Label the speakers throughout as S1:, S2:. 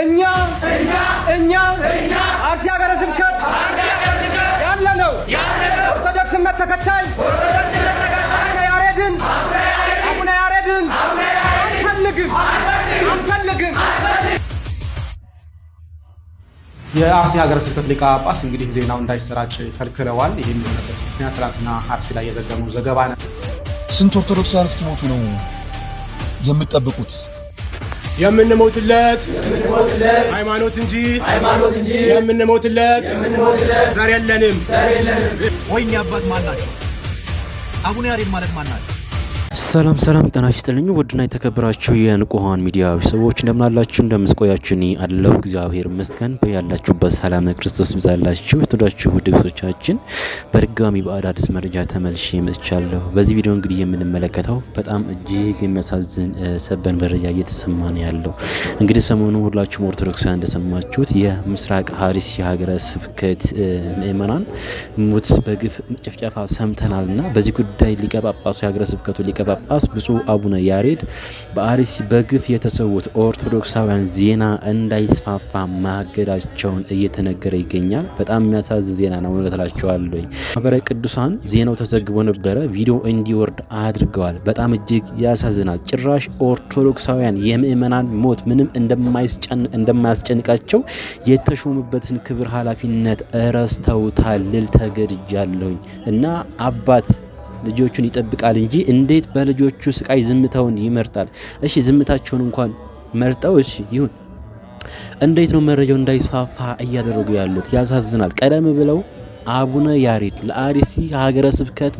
S1: እኛ እኛ እኛ እኛ አርሲ ሀገረ ስብከት ያለነው ኦርቶዶክስነት ተከታይ አቡነ ያሬድን አቡነ ያሬድን አንፈልግም አንፈልግም። የአርሲ ሀገረ ስብከት ሊቀ ጳጳስ እንግዲህ ዜናው እንዳይሰራጭ ከልክለዋል። ይህም የሆነበት ምክንያት ትናንትና አርሲ ላይ የዘገበው ዘገባ ነው።
S2: ስንት ኦርቶዶክሳውያን እስኪሞቱ ነው የምጠብቁት?
S3: የምንሞትለት ሃይማኖት እንጂ የምንሞትለት ዘር የለንም።
S1: ወይኔ አባት ማን ናቸው? አቡነ ያሬድ ማለት ማን ናቸው? ሰላም ሰላም፣ ጤና ይስጥልኝ ውድና የተከበራችሁ የንቁሃን ሚዲያ ሰዎች እንደምናላችሁ እንደምስቆያችሁ፣ እኔ አለሁ እግዚአብሔር ይመስገን። በያላችሁበት ሰላም ክርስቶስ ይብዛላችሁ። የተወዳችሁ ውድ ቤተሰቦቻችን በድጋሚ በአዳዲስ መረጃ ተመልሼ መጥቻለሁ። በዚህ ቪዲዮ እንግዲህ የምንመለከተው በጣም እጅግ የሚያሳዝን ሰበር መረጃ እየተሰማ ነው ያለው። እንግዲህ ሰሞኑ ሁላችሁም ኦርቶዶክሳውያን እንደሰማችሁት የምስራቅ ሐዲስ የሀገረ ስብከት ምእመናን ሙት በግፍ ጭፍጨፋ ሰምተናል እና በዚህ ጉዳይ ሊቀ ጳጳሱ የሀገረ ስብከቱ ሊቀ ሊቀ ጳጳስ ብፁዕ አቡነ ያሬድ በአርሲ በግፍ የተሰዉት ኦርቶዶክሳውያን ዜና እንዳይስፋፋ ማገዳቸውን እየተነገረ ይገኛል። በጣም የሚያሳዝን ዜና ነው። እውነት እላቸዋለሁ። ማህበረ ቅዱሳን ዜናው ተዘግቦ ነበረ፣ ቪዲዮ እንዲወርድ አድርገዋል። በጣም እጅግ ያሳዝናል። ጭራሽ ኦርቶዶክሳውያን የምእመናን ሞት ምንም እንደማያስጨንቃቸው የተሾሙበትን ክብር ኃላፊነት እረስተውታል ልል ተገድጃለሁኝ እና አባት ልጆቹን ይጠብቃል እንጂ እንዴት በልጆቹ ስቃይ ዝምታውን ይመርጣል? እሺ ዝምታቸውን እንኳን መርጠው እሺ ይሁን እንዴት ነው መረጃው እንዳይስፋፋ እያደረጉ ያሉት? ያሳዝናል። ቀደም ብለው አቡነ ያሬድ ለአርሲ ሀገረ ስብከት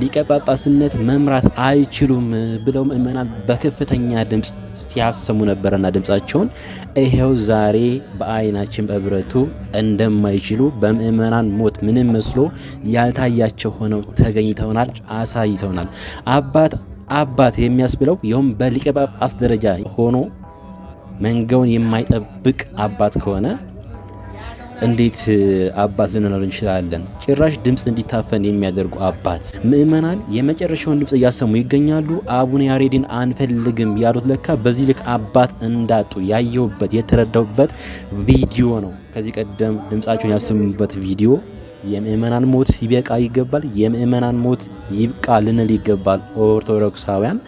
S1: ሊቀ ጳጳስነት መምራት አይችሉም ብለው ምእመናን በከፍተኛ ድምፅ ሲያሰሙ ነበረና ድምፃቸውን ይሄው ዛሬ በአይናችን በብረቱ እንደማይችሉ በምእመናን ሞት ምንም መስሎ ያልታያቸው ሆነው ተገኝተውናል፣ አሳይተውናል። አባት አባት የሚያስብለው ይኸውም በሊቀ ጳጳስ ደረጃ ሆኖ መንገውን የማይጠብቅ አባት ከሆነ እንዴት አባት ልንኖር እንችላለን? ጭራሽ ድምፅ እንዲታፈን የሚያደርጉ አባት። ምእመናን የመጨረሻውን ድምፅ እያሰሙ ይገኛሉ። አቡነ ያሬድን አንፈልግም ያሉት ለካ በዚህ ልክ አባት እንዳጡ ያየሁበት የተረዳሁበት ቪዲዮ ነው። ከዚህ ቀደም ድምፃቸውን ያሰሙበት ቪዲዮ የምእመናን ሞት ይበቃ ይገባል። የምእመናን ሞት ይብቃ ልንል ይገባል። ኦርቶዶክሳውያን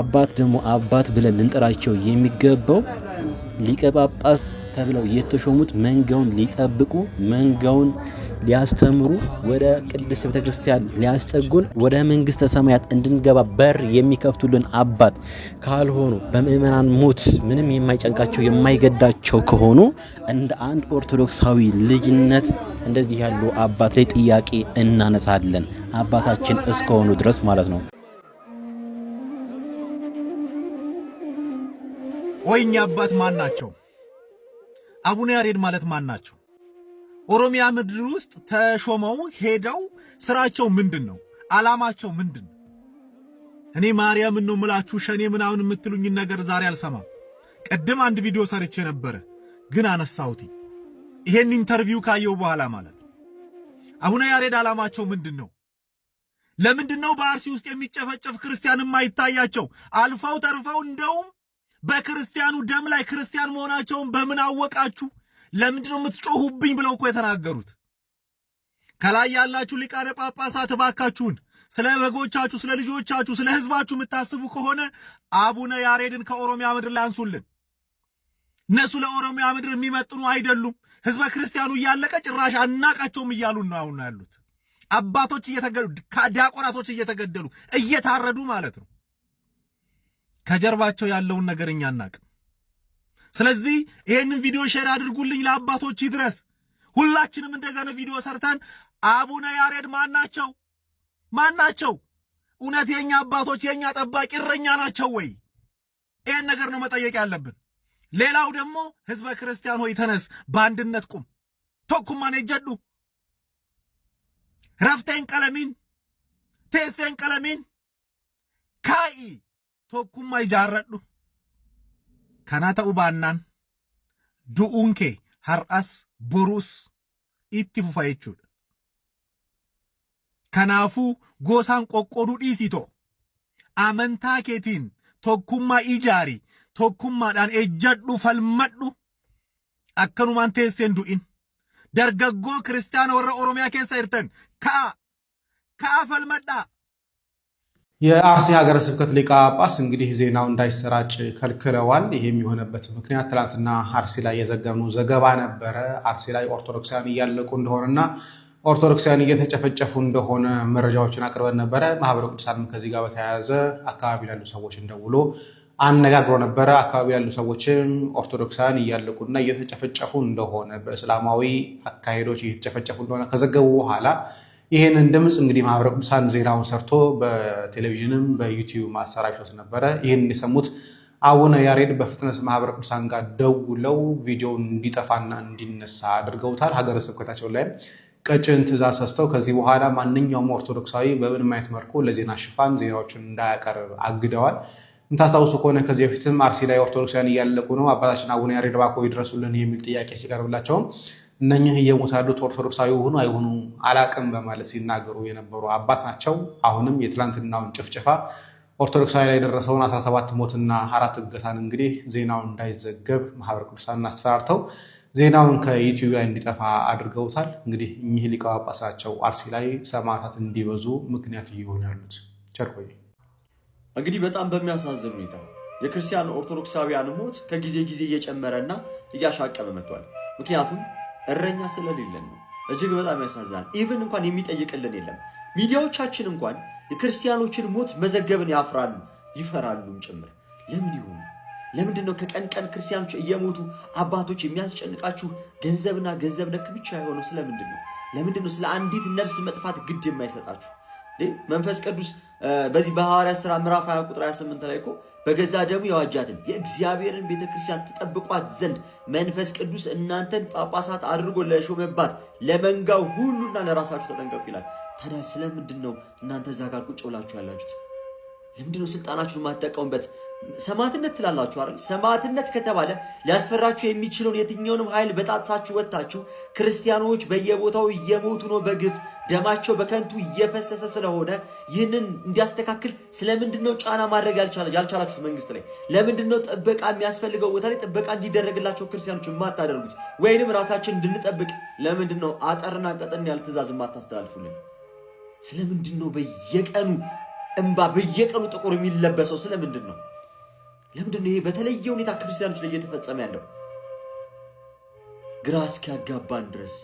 S1: አባት ደግሞ አባት ብለን ልንጠራቸው የሚገባው ሊቀ ጳጳስ ተብለው የተሾሙት መንጋውን ሊጠብቁ መንጋውን ሊያስተምሩ ወደ ቅድስት ቤተ ክርስቲያን ሊያስጠጉን ወደ መንግስተ ሰማያት እንድንገባ በር የሚከፍቱልን አባት ካልሆኑ በምእመናን ሞት ምንም የማይጨንቃቸው የማይገዳቸው ከሆኑ እንደ አንድ ኦርቶዶክሳዊ ልጅነት እንደዚህ ያሉ አባት ላይ ጥያቄ እናነሳለን። አባታችን እስከሆኑ ድረስ ማለት ነው። ወይኛ አባት ማን ናቸው? አቡነ ያሬድ ማለት ማን ናቸው? ኦሮሚያ ምድር ውስጥ ተሾመው ሄደው ስራቸው ምንድን ነው? አላማቸው ምንድን ነው? እኔ ማርያም ነው ምላችሁ ሸኔ ምናምን የምትሉኝን ነገር ዛሬ አልሰማም። ቅድም አንድ ቪዲዮ ሰርቼ ነበረ ግን አነሳሁት። ይሄን ኢንተርቪው ካየው በኋላ ማለት ነው። አቡነ ያሬድ አላማቸው ምንድን ነው? ለምንድን ነው በአርሲ ውስጥ የሚጨፈጨፍ ክርስቲያን የማይታያቸው? አልፈው ተርፈው እንደውም በክርስቲያኑ ደም ላይ ክርስቲያን መሆናቸውን በምን አወቃችሁ? ለምንድን ነው የምትጮሁብኝ? ብለው እኮ የተናገሩት ከላይ ያላችሁ ሊቃነ ጳጳሳት እባካችሁን ስለ በጎቻችሁ፣ ስለ ልጆቻችሁ፣ ስለ ሕዝባችሁ የምታስቡ ከሆነ አቡነ ያሬድን ከኦሮሚያ ምድር ላይ አንሱልን። እነሱ ለኦሮሚያ ምድር የሚመጥኑ አይደሉም። ሕዝበ ክርስቲያኑ እያለቀ ጭራሽ አናቃቸውም እያሉ ነው አሁን ያሉት አባቶች እየተገደሉ ዲያቆናቶች እየተገደሉ እየታረዱ ማለት ነው። ከጀርባቸው ያለውን ነገር እኛ አናቅም። ስለዚህ ይህንን ቪዲዮ ሼር አድርጉልኝ፣ ለአባቶች ይድረስ። ሁላችንም እንደዚህ አይነት ቪዲዮ ሰርተን አቡነ ያሬድ ማን ናቸው? ማን ናቸው? እውነት የእኛ አባቶች የእኛ ጠባቂ እረኛ ናቸው ወይ? ይህን ነገር ነው መጠየቅ ያለብን። ሌላው ደግሞ ህዝበ ክርስቲያን ሆይ ተነስ፣ በአንድነት ቁም። ቶኩማን የጀዱ ረፍቴን ቀለሚን ቴስቴን ቀለሚን ካኢ tokkummaa ijaaradhu Kanaa ta'u baannaan du'uun kee har'as boruus itti fufa jechuudha. Kanaafuu gosaan qoqqooduu dhiisii too amantaa keetiin tokkummaa ijaari tokkummaadhaan ejjadhu falmadhu akkanumaan teesseen du'in dargaggoo kiristaana warra oromiyaa keessa hirtan ka'a ka'a falmadhaa የአርሲ ሀገረ ስብከት ሊቀ ጳጳስ እንግዲህ ዜናው እንዳይሰራጭ ከልክለዋል። ይህም የሚሆነበት ምክንያት ትላንትና አርሲ ላይ የዘገብነው ዘገባ ነበረ። አርሲ ላይ ኦርቶዶክሳውያን እያለቁ እንደሆነና ኦርቶዶክሳውያን እየተጨፈጨፉ እንደሆነ መረጃዎችን አቅርበን ነበረ። ማህበረ ቅዱሳንም ከዚህ ጋር በተያያዘ አካባቢ ላሉ ሰዎች እንደውሎ አነጋግሮ ነበረ። አካባቢ ያሉ ሰዎችም ኦርቶዶክሳውያን እያለቁና እየተጨፈጨፉ እንደሆነ በእስላማዊ አካሄዶች እየተጨፈጨፉ እንደሆነ ከዘገቡ በኋላ ይህንን ድምፅ እንግዲህ ማህበረ ቅዱሳን ዜናውን ሰርቶ በቴሌቪዥንም በዩቲዩብ ማሰራጨት ነበረ። ይህን የሰሙት አቡነ ያሬድ በፍጥነት ማህበረ ቅዱሳን ጋር ደውለው ቪዲዮውን እንዲጠፋና እንዲነሳ አድርገውታል። ሀገረ ስብከታቸው ላይም ቀጭን ትእዛዝ ሰስተው ከዚህ በኋላ ማንኛውም ኦርቶዶክሳዊ በምንም አይነት መልኩ ለዜና ሽፋን ዜናዎችን እንዳያቀርብ አግደዋል። የምታስታውሱ ከሆነ ከዚህ በፊትም አርሲ ላይ ኦርቶዶክሳውያን እያለቁ ነው፣ አባታችን አቡነ ያሬድ እባክዎ ይድረሱልን የሚል ጥያቄ ሲቀርብላቸውም እነኝህ እየሞት ያሉት ኦርቶዶክሳዊ ሆኑ አይሆኑ አላቅም በማለት ሲናገሩ የነበሩ አባት ናቸው። አሁንም የትላንትናውን ጭፍጭፋ ኦርቶዶክሳዊ ላይ የደረሰውን 17 ሞትና አራት እገታን እንግዲህ ዜናውን እንዳይዘገብ ማህበረ ቅዱሳን አስፈራርተው ዜናውን ከዩቲዩብ ላይ እንዲጠፋ አድርገውታል። እንግዲህ እኚህ ሊቀ ጳጳስ ናቸው አርሲ ላይ ሰማዕታት እንዲበዙ ምክንያት እየሆኑ ያሉት። ቸርኮይ እንግዲህ በጣም በሚያሳዝን ሁኔታ የክርስቲያን ኦርቶዶክሳዊያን ሞት ከጊዜ ጊዜ እየጨመረና እያሻቀበ መጥቷል። ምክንያቱም እረኛ ስለሌለን ነው። እጅግ በጣም ያሳዝናል። ኢቭን እንኳን የሚጠይቅልን የለም። ሚዲያዎቻችን እንኳን የክርስቲያኖችን ሞት መዘገብን ያፍራሉ፣ ይፈራሉም ጭምር። ለምን ይሆኑ? ለምንድን ነው ከቀን ቀን ክርስቲያኖች እየሞቱ አባቶች የሚያስጨንቃችሁ ገንዘብና ገንዘብ ነክ ብቻ የሆነው? ስለምንድን ነው? ለምንድን ነው ስለ አንዲት ነፍስ መጥፋት ግድ የማይሰጣችሁ? መንፈስ ቅዱስ በዚህ በሐዋርያት ሥራ ምዕራፍ 20 ቁጥር 28 ላይ እኮ በገዛ ደሙ የዋጃትን የእግዚአብሔርን ቤተ ክርስቲያን ዘንድ መንፈስ ቅዱስ እናንተን ጳጳሳት አድርጎ ለሾመባት ለመንጋው ሁሉና ለራሳችሁ ተጠንቀቁ ይላል። ታዲያ ስለምንድን ነው እናንተ እዛ ጋር ቁጭ ብላችሁ ያላችሁት? ለምንድነው ስልጣናችሁን የማትጠቀሙበት? ሰማዕትነት ትላላችሁ አይደል? ሰማዕትነት ከተባለ ሊያስፈራችሁ የሚችለውን የትኛውንም ኃይል በጣጥሳችሁ ወጥታችሁ ክርስቲያኖች በየቦታው እየሞቱ ነው፣ በግፍ ደማቸው በከንቱ እየፈሰሰ ስለሆነ ይህንን እንዲያስተካክል ስለምንድን ነው ጫና ማድረግ ያልቻላችሁት? መንግስት ላይ ለምንድን ነው ጥበቃ የሚያስፈልገው ቦታ ላይ ጥበቃ እንዲደረግላቸው ክርስቲያኖች የማታደርጉት? ወይንም ራሳችን እንድንጠብቅ ለምንድን ነው አጠርና ቀጠን ያለ ትእዛዝ የማታስተላልፉልን? ስለምንድን ነው በየቀኑ እንባ በየቀኑ ጥቁር የሚለበሰው ስለምንድን ነው? ለምንድን ነው ይሄ በተለየ ሁኔታ ክርስቲያኖች ላይ እየተፈጸመ ያለው? ግራ እስኪያጋባን ድረስ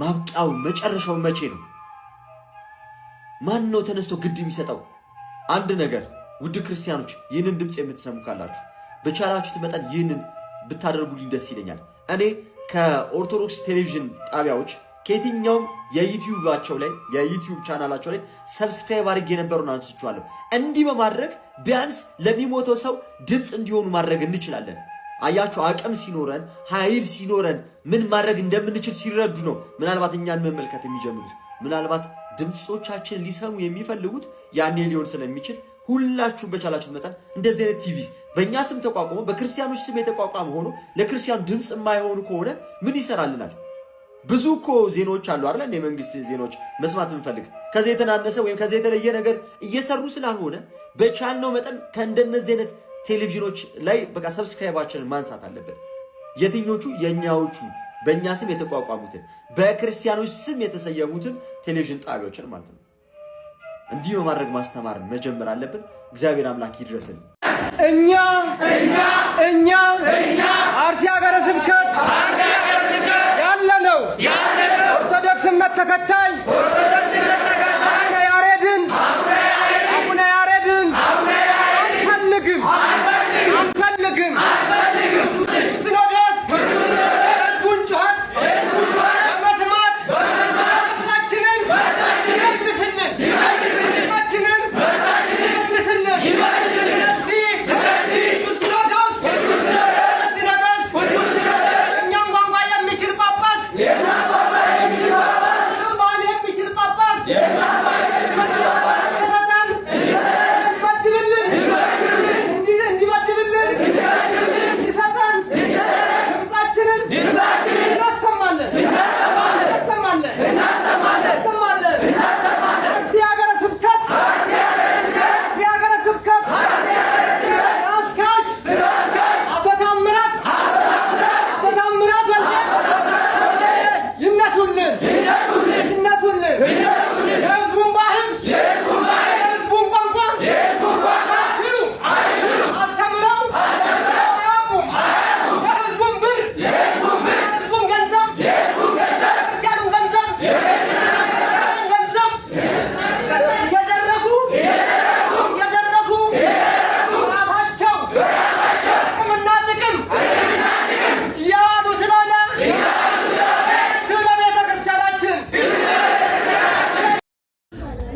S1: ማብቂያው መጨረሻው መቼ ነው? ማን ነው ተነስቶ ግድ የሚሰጠው? አንድ ነገር ውድ ክርስቲያኖች፣ ይህንን ድምፅ የምትሰሙ ካላችሁ በቻላችሁት መጠን ይህንን ብታደርጉልኝ ደስ ይለኛል። እኔ ከኦርቶዶክስ ቴሌቪዥን ጣቢያዎች ከየትኛውም የዩቲዩባቸው ላይ የዩቲዩብ ቻናላቸው ላይ ሰብስክራይብ አድርጌ የነበሩን አንስቼዋለሁ። እንዲህ በማድረግ ቢያንስ ለሚሞተው ሰው ድምፅ እንዲሆኑ ማድረግ እንችላለን። አያችሁ፣ አቅም ሲኖረን ኃይል ሲኖረን ምን ማድረግ እንደምንችል ሲረዱ ነው ምናልባት እኛን መመልከት የሚጀምሩት። ምናልባት ድምፆቻችን ሊሰሙ የሚፈልጉት ያኔ ሊሆን ስለሚችል ሁላችሁም በቻላችሁት መጠን እንደዚህ አይነት ቲቪ በእኛ ስም ተቋቁሞ በክርስቲያኖች ስም የተቋቋመ ሆኖ ለክርስቲያኑ ድምፅ የማይሆኑ ከሆነ ምን ይሰራልናል? ብዙ እኮ ዜናዎች አሉ አይደል? እንደ መንግስት ዜናዎች መስማት የምንፈልግ ከዚህ የተናነሰ ወይም ከዚህ የተለየ ነገር እየሰሩ ስላልሆነ በቻልነው መጠን ከእንደነዚህ አይነት ቴሌቪዥኖች ላይ በቃ ሰብስክራይባችንን ማንሳት አለብን። የትኞቹ የእኛዎቹ በእኛ ስም የተቋቋሙትን በክርስቲያኖች ስም የተሰየሙትን ቴሌቪዥን ጣቢያዎችን ማለት ነው። እንዲህ በማድረግ ማስተማር መጀመር አለብን። እግዚአብሔር አምላክ ይድረስን። እኛ እኛ እኛ አርሲ ሀገረ ስብከት
S4: ያለው
S1: ኦርቶዶክስ እምነት ተከታይ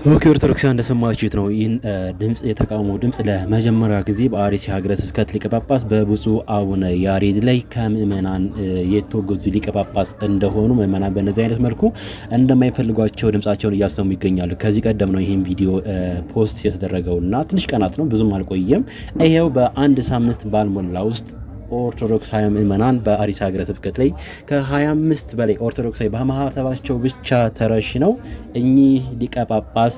S1: በውክ ኦርቶዶክሳ እንደሰማችሁት ነው። ይህን ድምፅ የተቃውሞ ድምፅ ለመጀመሪያ ጊዜ በአርሲ ሀገረ ስብከት ሊቀ ጳጳስ በብፁዕ አቡነ ያሬድ ላይ ከምእመናን የተወገዙ ሊቀ ጳጳስ እንደሆኑ ምእመናን በነዚ አይነት መልኩ እንደማይፈልጓቸው ድምፃቸውን እያሰሙ ይገኛሉ። ከዚህ ቀደም ነው ይህን ቪዲዮ ፖስት የተደረገውና ትንሽ ቀናት ነው ብዙም አልቆየም። ይኸው በአንድ ሳምንት ባልሞላ ውስጥ ኦርቶዶክሳዊ ምእመናን በአዲስ ሀገረ ስብከት ላይ ከ25 በላይ ኦርቶዶክሳዊ በማህተባቸው ብቻ ነው እኚህ ሊቀ ጳጳስ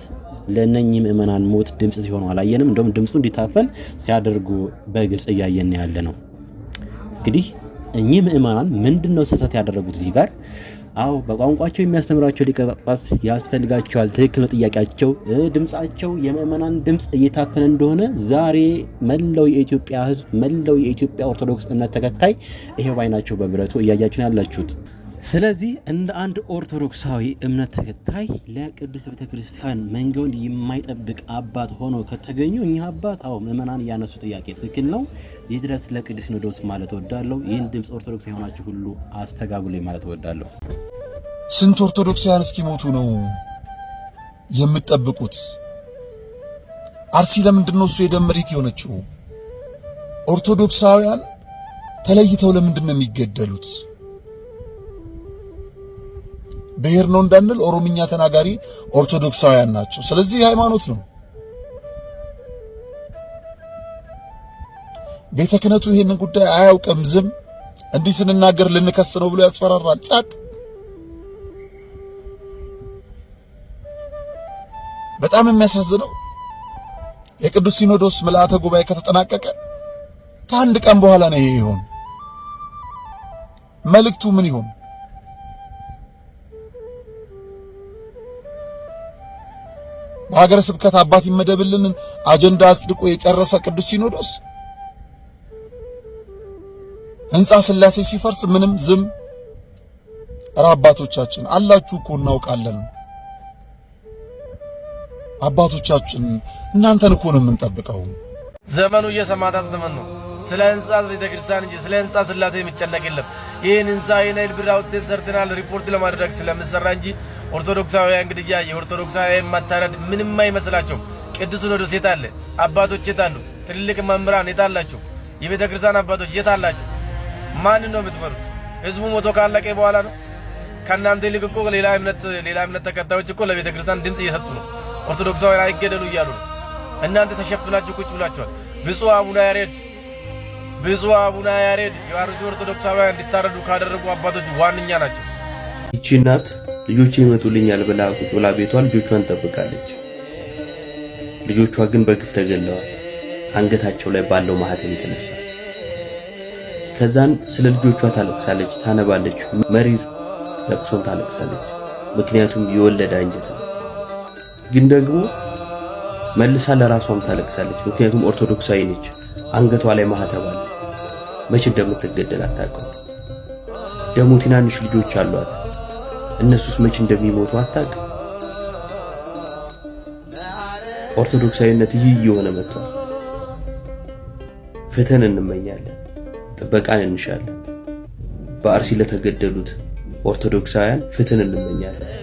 S1: ለእነኚህ ምእመናን ሞት ድምፅ ሲሆኑ አላየንም። እንደውም ድምፁ እንዲታፈን ሲያደርጉ በግልጽ እያየን ያለ ነው። እንግዲህ እኚህ ምእመናን ምንድን ነው ስህተት ያደረጉት እዚህ ጋር አው በቋንቋቸው የሚያስተምራቸው ሊቀ ጳጳስ ያስፈልጋቸዋል። ትክክል ነው ጥያቄያቸው። ድምፃቸው የምእመናን ድምፅ እየታፈነ እንደሆነ ዛሬ መላው የኢትዮጵያ ሕዝብ መላው የኢትዮጵያ ኦርቶዶክስ እምነት ተከታይ ይሄ ባይናቸው በምሕረቱ እያያችን ያላችሁት ስለዚህ እንደ አንድ ኦርቶዶክሳዊ እምነት ተከታይ ለቅድስት ቤተ ክርስቲያን መንገዱን የማይጠብቅ አባት ሆኖ ከተገኙ እኚህ አባት አዎ ምእመናን ያነሱ ጥያቄ ትክክል ነው። ይህ ድረስ ለቅዱስ ሲኖዶስ ማለት እወዳለሁ። ይህን ድምፅ ኦርቶዶክስ የሆናችሁ ሁሉ አስተጋጉሌ ማለት እወዳለሁ።
S2: ስንት ኦርቶዶክሳውያን እስኪሞቱ ነው የምትጠብቁት? አርሲ ለምንድን ነው እሱ የደም መሬት የሆነችው? ኦርቶዶክሳውያን ተለይተው ለምንድን ነው የሚገደሉት? ብሔር ነው እንዳንል ኦሮምኛ ተናጋሪ ኦርቶዶክሳውያን ናቸው። ስለዚህ ሃይማኖት ነው። ቤተ ክህነቱ ይህንን ጉዳይ አያውቅም። ዝም እንዲህ ስንናገር ልንከስ ነው ብሎ ያስፈራራል። ጸጥ። በጣም የሚያሳዝነው የቅዱስ ሲኖዶስ ምልአተ ጉባኤ ከተጠናቀቀ ከአንድ ቀን በኋላ ነው ይሄ ይሆን። መልእክቱ ምን ይሆን? በሀገረ ስብከት አባት ይመደብልን አጀንዳ አጽድቆ የጨረሰ ቅዱስ ሲኖዶስ ሕንፃ ስላሴ ሲፈርስ ምንም ዝም። ኧረ አባቶቻችን አላችሁ እኮ እናውቃለን። አባቶቻችን እናንተን እኮ ነው የምንጠብቀው።
S1: ዘመኑ የሰማዕታት ዘመን ነው። ስለ ህንፃ ቤተ ክርስቲያን እንጂ ስለ ህንፃ ስላሴ የሚጨነቅ የለም። ይህን ህንፃ የናይል ብር አውጥተን ሰርተናል ሪፖርት ለማድረግ ስለምሰራ እንጂ ኦርቶዶክሳውያን ግድያ፣ የኦርቶዶክሳውያን ማታረድ ምንም አይመስላቸው። ቅዱስ ሲኖዶስ የት አለ? አባቶች የት አሉ? ትልልቅ መምህራን የት አላቸው? የቤተ ክርስቲያን አባቶች የት አላቸው? ማንን ነው የምትመሩት? ህዝቡ ሞቶ ካለቀ በኋላ ነው። ከእናንተ ይልቅ እኮ ሌላ እምነት ሌላ እምነት ተከታዮች እኮ ለቤተ ክርስቲያን ድምፅ እየሰጡ ነው። ኦርቶዶክሳውያን አይገደሉ እያሉ ነው። እናንተ ተሸፍናችሁ ቁጭ ብላችኋል። ብፁዕ አቡነ ያሬድ ብፁዕ አቡነ ያሬድ የአርሲ ኦርቶዶክሳውያን እንዲታረዱ ካደረጉ አባቶች ዋነኛ ናቸው። ይቺ እናት ልጆቼ ይመጡልኛል ብላ ቁጭ ብላ ቤቷ ልጆቿን ጠብቃለች። ልጆቿ ግን በግፍ ተገለዋል፣ አንገታቸው ላይ ባለው ማህተም የተነሳ ከዛን ስለ ልጆቿ ታለቅሳለች፣ ታነባለች፣ መሪር ለቅሶን ታለቅሳለች። ምክንያቱም የወለደ አንጀት ነው ግን ደግሞ መልሳ ለራሷም ታለቅሳለች። ምክንያቱም ኦርቶዶክሳዊ ነች። አንገቷ ላይ ማህተብ አለ። መቼ እንደምትገደል አታውቅም። ደግሞ ትናንሽ ልጆች አሏት። እነሱስ መቼ እንደሚሞቱ አታውቅም። ኦርቶዶክሳዊነት ይህ እየሆነ መጥቷል። ፍትህን እንመኛለን፣ ጥበቃን እንሻለን። በአርሲ ለተገደሉት ኦርቶዶክሳውያን ፍትህን እንመኛለን።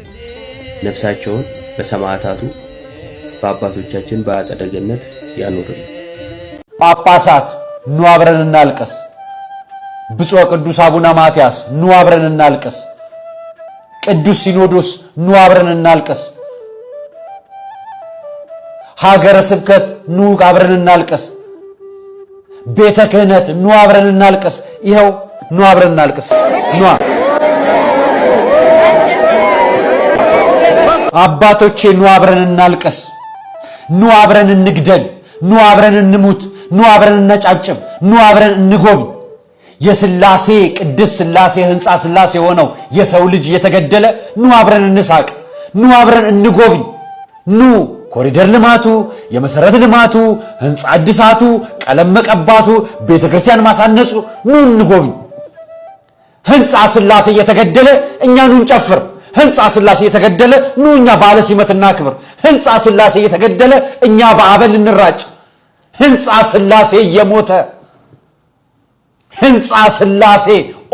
S1: ነፍሳቸውን በሰማዕታቱ በአባቶቻችን በአጸደ ገነት ጳጳሳት ኑ አብረን እናልቀስ ብፁዕ ቅዱስ አቡነ ማትያስ ኑ አብረን እናልቀስ ቅዱስ ሲኖዶስ ኑ አብረን እናልቀስ ሀገረ ስብከት ኑ አብረን እናልቀስ ቤተ ክህነት ኑ አብረን እናልቀስ ይኸው ኑ አብረን እናልቀስ ኑ አባቶቼ ኑ አብረን እናልቀስ። ኑ አብረን እንግደል፣ ኑ አብረን እንሙት፣ ኑ አብረን እነጫጭም፣ ኑ አብረን እንጎብኝ። የስላሴ ቅድስ ስላሴ ህንፃ ስላሴ የሆነው የሰው ልጅ እየተገደለ ኑ አብረን እንሳቅ፣ ኑ አብረን እንጎብኝ። ኑ ኮሪደር ልማቱ፣ የመሰረት ልማቱ፣ ህንፃ አድሳቱ፣ ቀለም መቀባቱ፣ ቤተ ክርስቲያን ማሳነጹ፣ ኑ እንጎብኝ። ህንፃ ስላሴ እየተገደለ እኛ ኑ እንጨፍር። ህንፃ ስላሴ የተገደለ ኑ እኛ በዓለ ሲመትና ክብር ህንፃ ስላሴ እየተገደለ እኛ በአበል እንራጭ። ህንፃ ስላሴ እየሞተ ህንፃ ስላሴ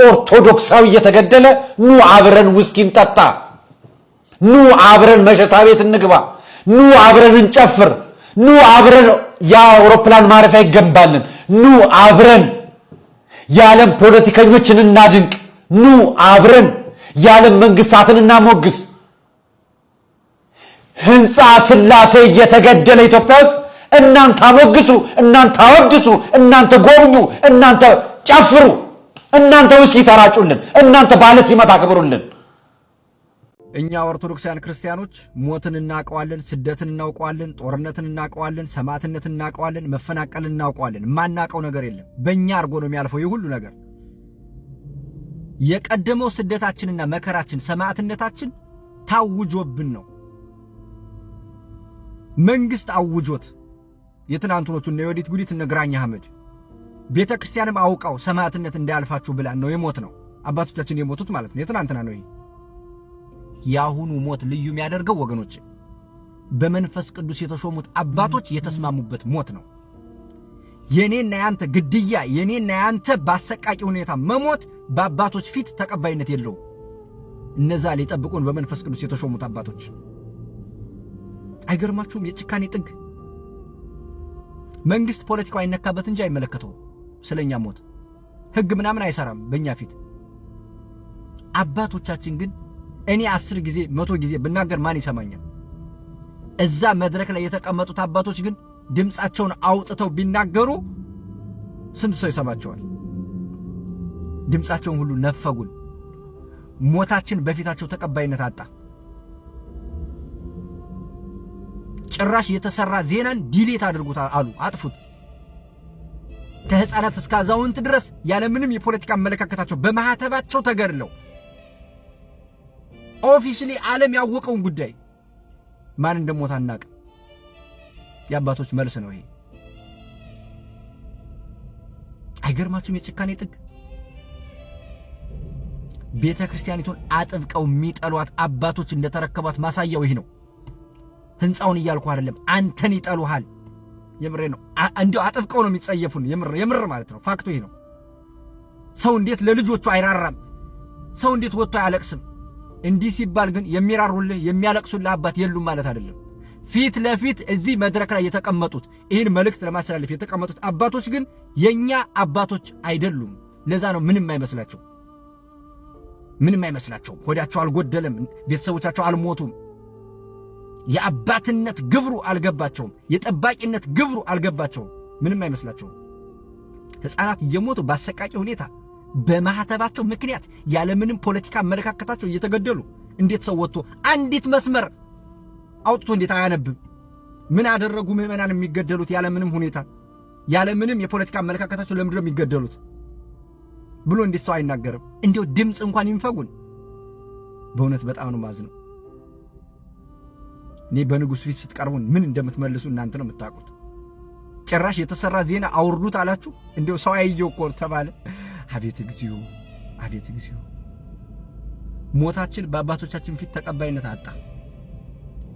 S1: ኦርቶዶክሳዊ እየተገደለ ኑ አብረን ውስኪ እንጠጣ፣ ኑ አብረን መሸታ ቤት እንግባ፣ ኑ አብረን እንጨፍር፣ ኑ አብረን የአውሮፕላን ማረፊያ ይገንባልን፣ ኑ አብረን የዓለም ፖለቲከኞችን እናድንቅ፣ ኑ አብረን የዓለም መንግስታትን እናሞግስ። ህንፃ ስላሴ እየተገደለ ኢትዮጵያ ውስጥ እናንተ አሞግሱ፣ እናንተ አወድሱ፣ እናንተ ጎብኙ፣ እናንተ ጨፍሩ፣ እናንተ ውስኪ ተራጩልን፣ እናንተ ባለ ሲመት አክብሩልን። እኛ ኦርቶዶክሳውያን ክርስቲያኖች ሞትን እናውቀዋለን፣ ስደትን እናውቀዋለን፣ ጦርነትን እናውቀዋለን፣ ሰማዕትነትን እናውቀዋለን፣ መፈናቀልን እናውቀዋለን። የማናውቀው ነገር የለም። በእኛ አድርጎ ነው የሚያልፈው ይህ ሁሉ ነገር። የቀደመው ስደታችንና መከራችን ሰማዕትነታችን ታውጆብን ነው። መንግስት አውጆት የትናንትኖቹ እነ የወዲት ጉዲት እነ ግራኝ አህመድ ቤተ ክርስቲያንም አውቃው ሰማዕትነት እንዳያልፋችሁ ብላን ነው የሞት ነው አባቶቻችን የሞቱት ማለት ነው። የትናንትና ነው የአሁኑ ሞት ልዩ የሚያደርገው ወገኖች፣ በመንፈስ ቅዱስ የተሾሙት አባቶች የተስማሙበት ሞት ነው። የኔና ያንተ ግድያ የኔና ያንተ በአሰቃቂ ሁኔታ መሞት በአባቶች ፊት ተቀባይነት የለው። እነዛ ሊጠብቁን በመንፈስ ቅዱስ የተሾሙት አባቶች አይገርማችሁም? የጭካኔ ጥግ። መንግስት ፖለቲካው አይነካበት እንጂ አይመለከተውም። ስለ እኛ ሞት ህግ ምናምን አይሰራም በእኛ ፊት። አባቶቻችን ግን እኔ አስር ጊዜ መቶ ጊዜ ብናገር ማን ይሰማኛል? እዛ መድረክ ላይ የተቀመጡት አባቶች ግን ድምፃቸውን አውጥተው ቢናገሩ ስንት ሰው ይሰማቸዋል? ድምፃቸውን ሁሉ ነፈጉን። ሞታችን በፊታቸው ተቀባይነት አጣ። ጭራሽ የተሰራ ዜናን ዲሌት አድርጉት አሉ፣ አጥፉት። ከህፃናት እስከ አዛውንት ድረስ ያለምንም የፖለቲካ አመለካከታቸው በማህተባቸው ተገድለው ኦፊሽሊ ዓለም ያወቀውን ጉዳይ ማን እንደሞታ አናውቅም። የአባቶች መልስ ነው ይሄ። አይገርማችሁም? የጭካኔ ጥግ። ቤተ ክርስቲያኒቱን አጥብቀው የሚጠሏት አባቶች እንደተረከቧት ማሳያው ይህ ነው። ህንፃውን እያልኩ አይደለም፣ አንተን ይጠሉሃል። የምሬ ነው። እንዲያው አጥብቀው ነው የሚጸየፉን። የምር ማለት ነው። ፋክቱ ይሄ ነው። ሰው እንዴት ለልጆቹ አይራራም? ሰው እንዴት ወጥቶ አያለቅስም? እንዲህ ሲባል ግን የሚራሩልህ የሚያለቅሱልህ አባት የሉም ማለት አይደለም። ፊት ለፊት እዚህ መድረክ ላይ የተቀመጡት ይህን መልእክት ለማስተላለፍ የተቀመጡት አባቶች ግን የእኛ አባቶች አይደሉም። ለዛ ነው ምንም አይመስላቸው፣ ምንም አይመስላቸውም። ሆዳቸው አልጎደለም፣ ቤተሰቦቻቸው አልሞቱም። የአባትነት ግብሩ አልገባቸውም። የጠባቂነት ግብሩ አልገባቸውም። ምንም አይመስላቸውም። ሕፃናት እየሞቱ በአሰቃቂ ሁኔታ በማህተባቸው ምክንያት ያለምንም ፖለቲካ አመለካከታቸው እየተገደሉ እንዴት ሰው ወጥቶ አንዲት መስመር አውጥቶ እንዴት አያነብም? ምን አደረጉ ምዕመናን የሚገደሉት? ያለምንም ሁኔታ ያለምንም የፖለቲካ አመለካከታቸው ለምንድን የሚገደሉት ብሎ እንዴት ሰው አይናገርም? እንዲው ድምፅ እንኳን ይንፈጉን። በእውነት በጣም ነው ማዝ ነው። እኔ በንጉሥ ፊት ስትቀርቡን ምን እንደምትመልሱ እናንተ ነው የምታውቁት። ጭራሽ የተሰራ ዜና አውርዱት አላችሁ። እንዲው ሰው አይየው እኮ ተባለ። አቤት እግዚኦ፣ አቤት እግዚኦ። ሞታችን በአባቶቻችን ፊት ተቀባይነት አጣ።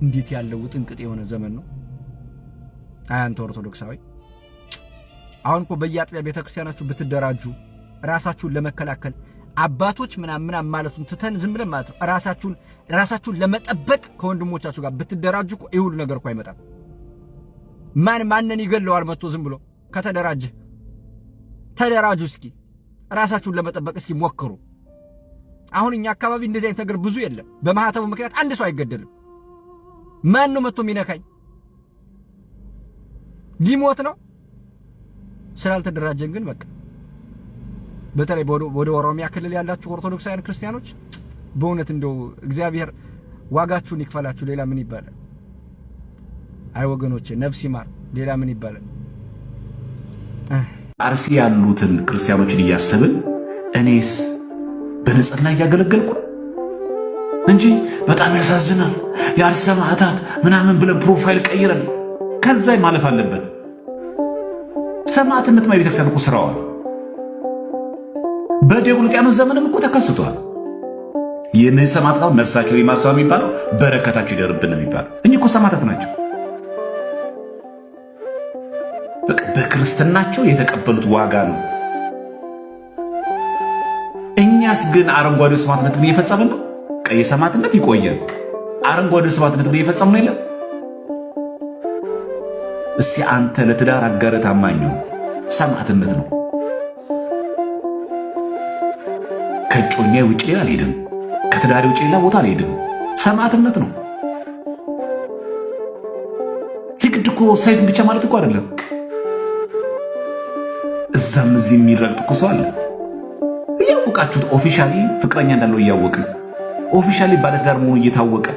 S1: እንዴት ያለው ውጥንቅጥ የሆነ ዘመን ነው። አይ አንተ ኦርቶዶክሳዊ፣ አሁን እኮ በየአጥቢያ ቤተክርስቲያናችሁ ብትደራጁ ራሳችሁን ለመከላከል አባቶች ምናምን ምናምን ማለቱን ትተን ዝም ብለን ማለት ነው ራሳችሁን ራሳችሁን ለመጠበቅ ከወንድሞቻችሁ ጋር ብትደራጁ እኮ ሁሉ ነገር እኮ አይመጣም። ማን ማንን ይገለዋል መጥቶ ዝም ብሎ ከተደራጀ? ተደራጁ እስኪ ራሳችሁን ለመጠበቅ እስኪ ሞክሩ። አሁን እኛ አካባቢ እንደዚህ አይነት ነገር ብዙ የለም። በማህተቡ ምክንያት አንድ ሰው አይገደልም። ማን ነው መጥቶ የሚነካኝ? ሊሞት ነው። ስላልተደራጀን ግን በቃ በተለይ ወደ ኦሮሚያ ክልል ያላችሁ ኦርቶዶክሳውያን ክርስቲያኖች በእውነት እንደው እግዚአብሔር ዋጋችሁን ይክፈላችሁ። ሌላ ምን ይባላል? አይ ወገኖቼ ነፍስ ይማር። ሌላ ምን ይባላል? አርሲ ያሉትን ክርስቲያኖችን እያሰብን እኔስ በንጽህና እያገለገልኩ እንጂ በጣም ያሳዝናል። የአዲስ ሰማዕታት ምናምን ብለን ፕሮፋይል ቀይረን ከዛይ ማለፍ አለበት። ሰማዕትነት ቤተ ክርስቲያን እኮ ስራዋል። በዲዮቅልጥያኖስ ዘመንም እኮ ተከስቷል። ይህ ሰማዕታት ነፍሳቸው ይማር ሰው የሚባለው በረከታቸው ይደርብን የሚባለው እኚህ እኮ ሰማዕታት ናቸው። በክርስትናቸው የተቀበሉት ዋጋ ነው። እኛስ ግን አረንጓዴው ሰማዕትነት ግን እየፈጸምን ነው። ቀይ ሰማዕትነት ይቆየ አረንጓዴ ሰማዕትነት ግን እየፈጸሙ ነው የለም። እስቲ አንተ ለትዳር አጋረ ታማኝ ነው፣ ሰማዕትነት ነው። ከእጮኛ ውጭ ሌላ አልሄድም፣ ከትዳሪ ውጭ ሌላ ቦታ አልሄድም፣ ሰማዕትነት ነው። የግድ እኮ ሰይፍን ብቻ ማለት እኮ አይደለም። እዛም እዚህ የሚረግጥ እኮ ሰው አለ። እያወቃችሁት ኦፊሻሊ ፍቅረኛ እንዳለው እያወቅን ኦፊሻሊ ባለትዳር መሆኑ እየታወቀ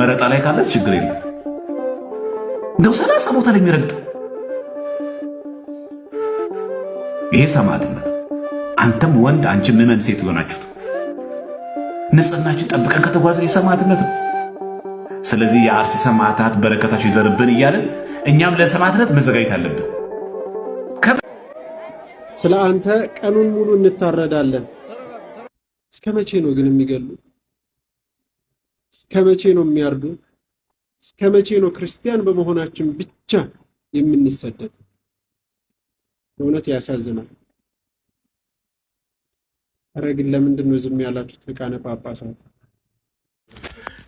S1: መረጣ ላይ ካለስ ችግር የለም። እንደው ሰላሳ ቦታ ላይ የሚረግጥ ይሄ ሰማዕትነት። አንተም ወንድ አንቺ ምመን ሴት የሆናችሁት ንጽህናችን ጠብቀን ከተጓዝን የሰማዕትነት ነው። ስለዚህ የአርሲ ሰማዕታት በረከታቸው ይደርብን እያለን እኛም ለሰማዕትነት መዘጋጀት አለብን። ስለ አንተ ቀኑን ሙሉ እንታረዳለን። እስከ መቼ ነው ግን የሚገሉ? እስከ መቼ ነው የሚያርዱ? እስከ መቼ ነው ክርስቲያን በመሆናችን ብቻ የምንሰደድ? በእውነት ያሳዝናል። ኧረ ግን ለምንድን ነው ዝም ያላችሁት ሊቃነ ጳጳሳት?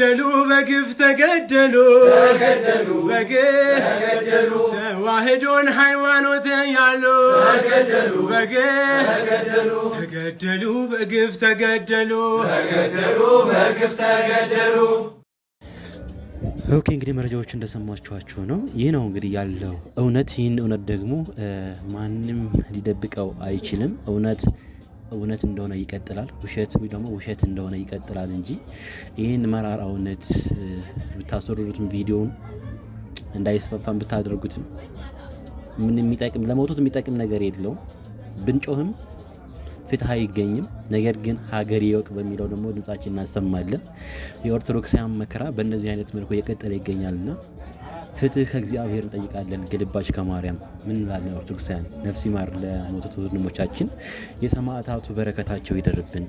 S1: ተገደሉ በግፍ ተገደሉ በግፍ ተዋህዶን ሃይማኖት ያሉ በግፍ
S4: ተገደሉ
S1: በግፍ ተገደሉ በግፍ ተገደሉ። ኦኬ እንግዲህ መረጃዎች እንደሰማችኋችሁ ነው። ይህ ነው እንግዲህ ያለው እውነት። ይህን እውነት ደግሞ ማንም ሊደብቀው አይችልም። እውነት እውነት እንደሆነ ይቀጥላል፣ ውሸት ደግሞ ውሸት እንደሆነ ይቀጥላል እንጂ ይህን መራራ እውነት ብታስወርዱትም ቪዲዮውን እንዳይስፋፋም ብታደርጉትም ምን የሚጠቅም ለሞቱት የሚጠቅም ነገር የለውም። ብንጮህም ፍትህ አይገኝም። ነገር ግን ሀገር ይወቅ በሚለው ደግሞ ድምጻችን እናሰማለን። የኦርቶዶክሳውያን መከራ በእነዚህ አይነት መልኩ እየቀጠለ ይገኛልና ፍትህ ከእግዚአብሔር እንጠይቃለን። ግልባጭ ከማርያም ምን እንላለን? ኦርቶዶክሳውያን ነፍስ ይማር ለሞቱት ወንድሞቻችን፣ የሰማዕታቱ በረከታቸው ይደርብን።